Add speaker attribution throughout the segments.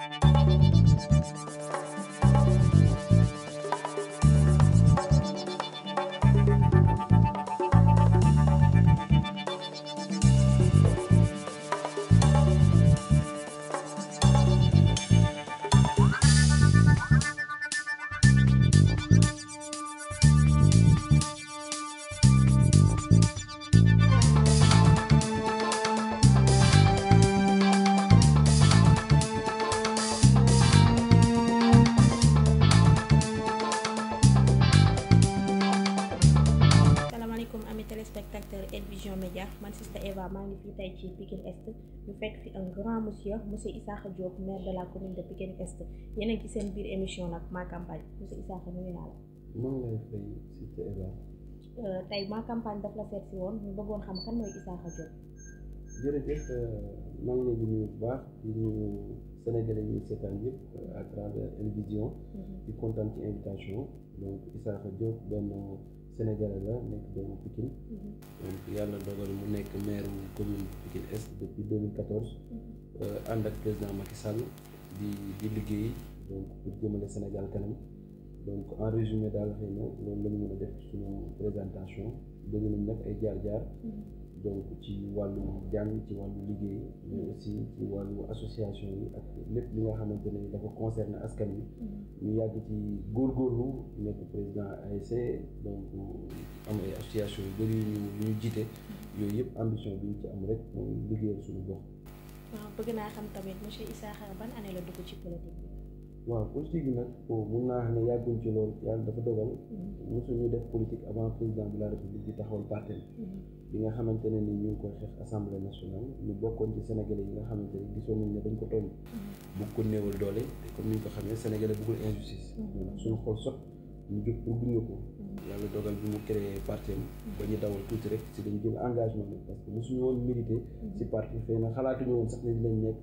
Speaker 1: フフフフフ。
Speaker 2: Vision média man sista Eva man ngi fii tay ci Pikine Est ñu fekk fi un grand monsieur monsieur Issa Diop maire de la commune de Pikine Est yéen a ngi seen biir émission nak ma campagne monsieur Issakha nuyu naa la. maa ngi lay fay sista Eva. Euh, tey ma campagne daf la seet si woon ñu bëggoon xam kan mooy Issakha Diop. jërëjëf euh, maa ngi leen di nuyu bu baax di nuyu sénégalais yi seetaan yëpp euh, à travers télévision. Mhm. di kontaan ci invitation donc Issakha Diop benn sénégalais la nekk doomu Pikine. Mhm. yàlla dogal mu nekk maire commune Pikine Est depuis 2014 euh, ànd ak président Macky Sall di di liggéey donc pour jëmale Sénégal kanam donc en résumé daal xëy na loolu la ñu mën a def suñu présentation dégg nañ nag ay jaar-jaar. donc ci wàllu jàng ci wàllu liggéey mais ci wàllu association yi ak lépp li nga xamante ne dafa concerné askan wi mm-hmm. ñu yàgg ci góor góorgóorlu nekk président ay donc am ay association yu bëri ñu ñu jiite mm-hmm. yooyu yëpp ambition bi ci am rek mooy liggéeyal suñu gox. waaw politique bi nag mun naa xam ne yàgguñ ci loolu yàlla dafa dogal mm-hmm. mosuñu def politique avant président de la république bi taxawal parti mm-hmm. bi nga xamante ne ni ñu ngi koy xeex assemblée nationale ñu bokkoon ci sénégalais yi nga xamante ne gisoon nañ ne dañ ko tooñ
Speaker 1: mm-hmm.
Speaker 2: bëgg ko néewal doole comme ni ñu ko xamee sénégalais suñu xool sot ñu jóg ko yàlla dogal bi mu créé parti am ba ñu dawal tuuti ci dañu jël engagement bi parce que mosuñu woon milité ci parti fee na xalaatuñu woon sax ne dinañ nekk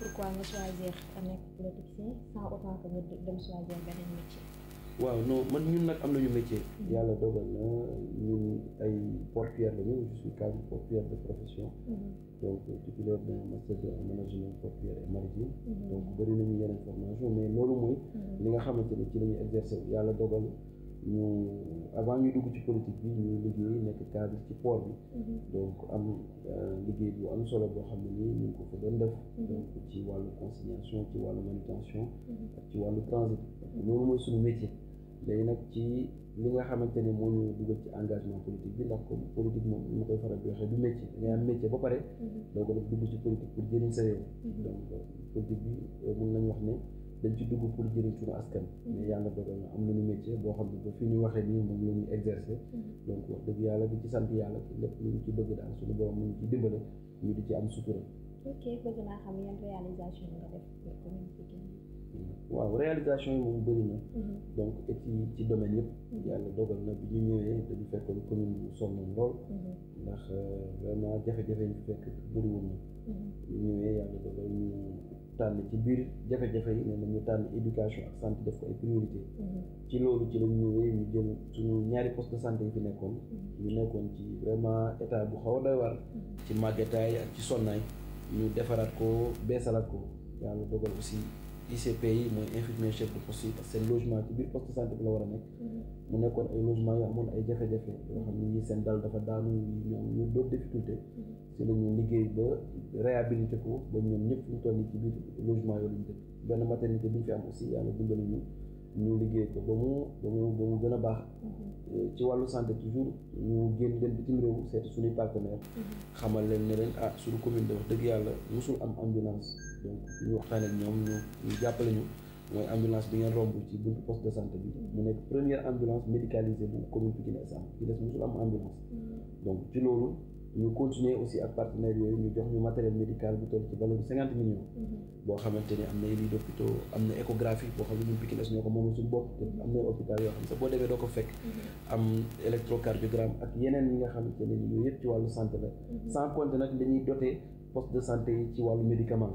Speaker 1: pourquoi nga choisir nekk politicien sans autant que nga dem choisir beneen métier.
Speaker 2: waaw non man ñun nag am nañu métier. Hmm. yàlla dogal na ñun ay portuaire la ñu je suis cadre portuaire de profession. Hmm. donc titulaire euh, d'un ben, master en management portuaire et maritime. Hmm. donc bëri nañu yeneen formation mais loolu mooy. li nga xamante ne ci la ñu exercer yàlla dogal ñu avant ñuy dugg ci politique bi ñu liggéey nekk cadre ci port bi. Mhm. donc am euh, liggéey bu am solo bo xamni ñu ko fa doon def. Mhm. donc ci walu conciliation ci walu manutention. Mhm. ci walu transit. loolu mooy suñu métier. léegi nak ci li nga xamanteni mo ñu dugal ci engagement politique bi ndax comme politique moom ñu koy faral di waxee du métier ngay am métier ba paré donc daf dugg ci politique pour jëriñ sa réew. donc politique bi euh, mën nañu wax ne dañ ci dugg pour jëriñ suñu askan mais yàlla dogal na am nañu métier boo xam ne ba fi ñu waxee nii moom la ñuy exercer mm-hmm. donc wax dëgg yàlla di ci sant yàlla lépp lu ñu ci bëgg daal suñu borom mu ñu ci dimbale ñu di ci am sutura
Speaker 1: ok bëgg naa xam yan réalisation nga def pour commune Pikine
Speaker 2: mm-hmm. waaw réalisation yi moom bëri na mm-hmm. donc et ci ci domaine yëpp yàlla dogal na bi ñu ñëwee dañu fekkoon commune bu sonnoon lool ndax euh, vraiment jafe-jafe ñu fekk bëriwoon na ñu ñëwee yàlla dogal ñu tànn ci biir jafe-jafe yi nee na ñu tànn éducation ak santé def ko ay priorité mhm. ci loolu ci lañ ñëwee ñu jël suñu ñaari poste de santé yi fi nekkoon mhm. ñu nekkoon ci vraiment état bu xaw a doy war mhm. ci màggetaay ak ci sonnaay ñu defaraat ko beesalaat ko yàlla dogal aussi ICP yi mooy infirmier chef de poste yi seen logement ci biir poste santé bi la war a nekk mm-hmm. mu nekkoon ay logement yoo amoon ay jafe-jafe yoo xam ne ñi seen dal dafa daanu ñu am ñu doon difficulté si mm-hmm. la ñu liggéey ba réhabilité ko ba ñoom ñëpp ñu toll ci biir logement yooyu lañu dëkk benn maternité bi ñu fi am aussi yàlla dimbali ñu ñu liggéey ko ba mu ba mu ba mu gën a baax mhm. euh, ci wàllu santé toujours ñu génn dem bitim réew seeti suñuy partenaire mhm. xamal leen ne leen ah suñu commune de dëgg yàlla mosul am ambulance donc ñu waxtaan ak ñoom ñu ñu jàppale ñu mooy ambulance bi ngeen romb ci buntu poste de santé bi mhm. mu nekk première ambulance médicalisée bu commune Pikine Essa ki des musul am ambulance donc ci loolu ñu continuer aussi ak partenaires yooyu ñu jox ñu matériel médical bu toll ci valeur cinquante millions. Mhm. boo xamante ni am na lits d'hôpitaux am na échographie boo xam ne ñun Pikine ñoo ko moom suñu bopp te mhm. am na hôpital yoo xam sax boo demee doo ko fekk. Mhm. am électrocardiogramme ak yeneen yi nga xamante ne yooyu yëpp ci wàllu santé la. sans compter nag dañuy doter poste de santé yi ci wàllu médicament.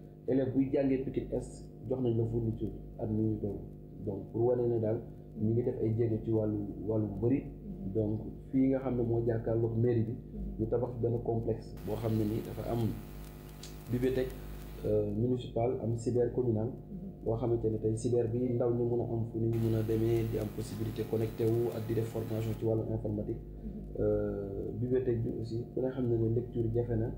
Speaker 2: élève buy jàngee Pikine Est jox nañ la fourniture at mi ngi doon donc pour wane ne daal ñu ngi def ay jéego ci wàllu wàllu bëri donc fii nga xam ne moo jàkkaarloog mairie bi ñu tabax benn complexe boo xam ne nii dafa am bibliothèque euh, municipale am cyber communal boo xamante ne tey sibeer bi ndaw ñi mën a am fu ñu mën a demee di am possibilité connecté wu ak di def formation ci wàllu informatique euh, bibliothèque bi aussi ku ne xam ne ne lecture jafe na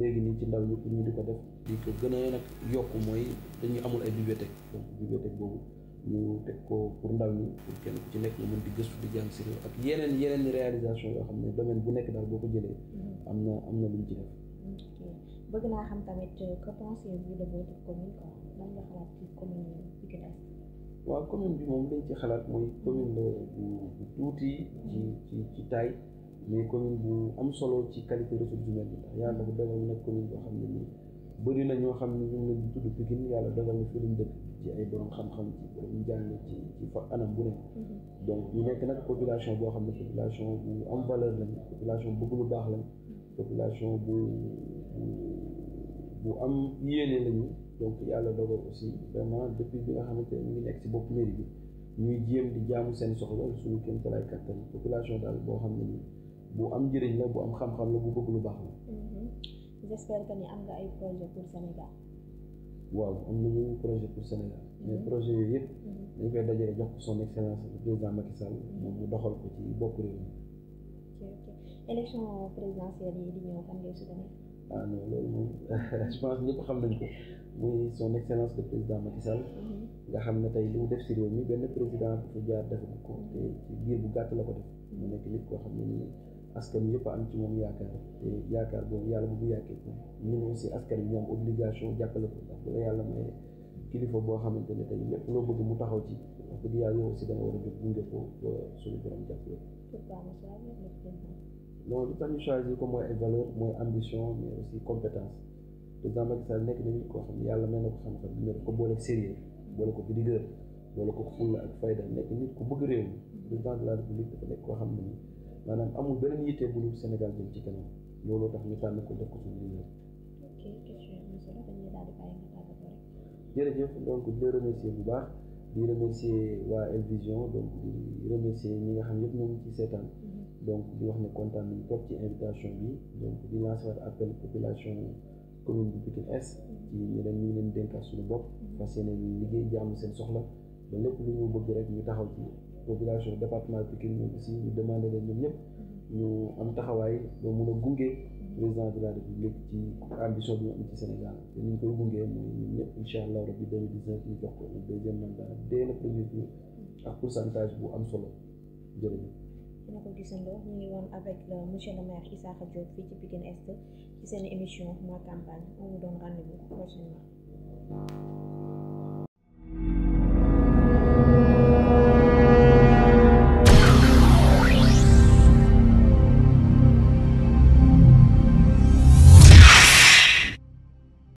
Speaker 2: léegi nii ci ndaw ñëpp ñu di ko def di ko gën a nag yokk mooy dañuy amul ay bibliothèque donc bibliothèque boobu ñu teg ko pour ndaw ñi pour kenn ku ci nekk nga mën di gëstu di jàng si ak yeneen yeneen réalisation yoo xam ne domaine bu nekk daal boo ko jëlee mm-hmm. am na am na lu ñu ci def bëgg naa xam tamit euh, que pensez-vous de votre commune quoi lan nga xalaat ci commune Pikine Est waaw commune bi moom lañ ci xalaat mooy commune bu tuuti ci ci ci mais commune bu am solo ci qualité ressources humaines bi yàlla dafa dogal ñu nekk commune boo xam ne nii bëri na ñoo xam ne ñu ngi leen di tudd yàlla dogal na fi lañ dëkk ci ay borom xam-xam ci ci fa anam bu mhm. donc ñu nekk nag population boo xam ne population bu am valeur lañ population bëgg lu baax lañ mhm. population bu bu am yéene lañu donc yàlla dogal aussi vraiment depuis bi nga xamante ne ñu ngi nekk si bopp mairie bi ñuy jéem di jaamu seen soxla suñu kéemtalaay kattan population daal boo xam ne nii. bu am njëriñ la bu am xam-xam la bu bëgg lu baax la. Mhm. j'espère am nga ay projet pour Sénégal. Mhm. mais projet yooyu yëpp. Mhm. dañ koy dajale jox son excellence le président Macky Sall. moom mu doxal ko ci bopp réew mi.
Speaker 1: ok ok élection ah
Speaker 2: xam nañ ko muy son excellence le président Macky Sall. nga xam ne tey li def si réew mi benn président bu jaar defu ko ci biir bu gàtt ko mu nekk nit koo xam ne nii. askan yëpp am ci moom yaakaar yaakaar boobu yàlla bu mu yàkkee ko ñun aussi askan bi ñoom obligation jàppale ko ndax bu yàlla may kilifa boo xamante ne tey lépp loo mu taxaw ci wax yàlla yow aussi da nga war a jóg gunge ko choisir ko mooy ay mooy ambition mais aussi compétence président Macky Sall nekk na nit koo xam ne yàlla may na ko xam-xam mais daf ko boole sérieux boole ko rigueur boole ko fulla ak fayda nekk nit ku bëgg réew mi président de dafa nekk koo xam ne maanaam amul beneen yitte bu dul Sénégal jëm ci kanam looloo tax ñu tànn ko def ko suñu liggéey.
Speaker 1: ok question am
Speaker 2: jërëjëf donc di bu baax di remercier waa El Vision remercier ñi nga xam yëpp ñoo ngi ci seetaan. Mhm. donc di wax ne kontaan nañu trop ci invitation bi donc di lancer waat appel population commune bu Pikine Est. Mhm. ci ñu leen ñu leen dénkaat suñu bopp. Mhm. fas yi liggéey jaamu seen soxla ba lépp lu ñu bëgg rek ñu taxaw ci. population département de nous aussi nous demande de nous ñu am travail président de la république ambition du Sénégal ñu nous 2019 le deuxième mandat dès le premier tour ak pourcentage bu am solo avec le monsieur le maire qui Diop fii ci Est ci seen émission ma campagne on vous rendez-vous prochainement.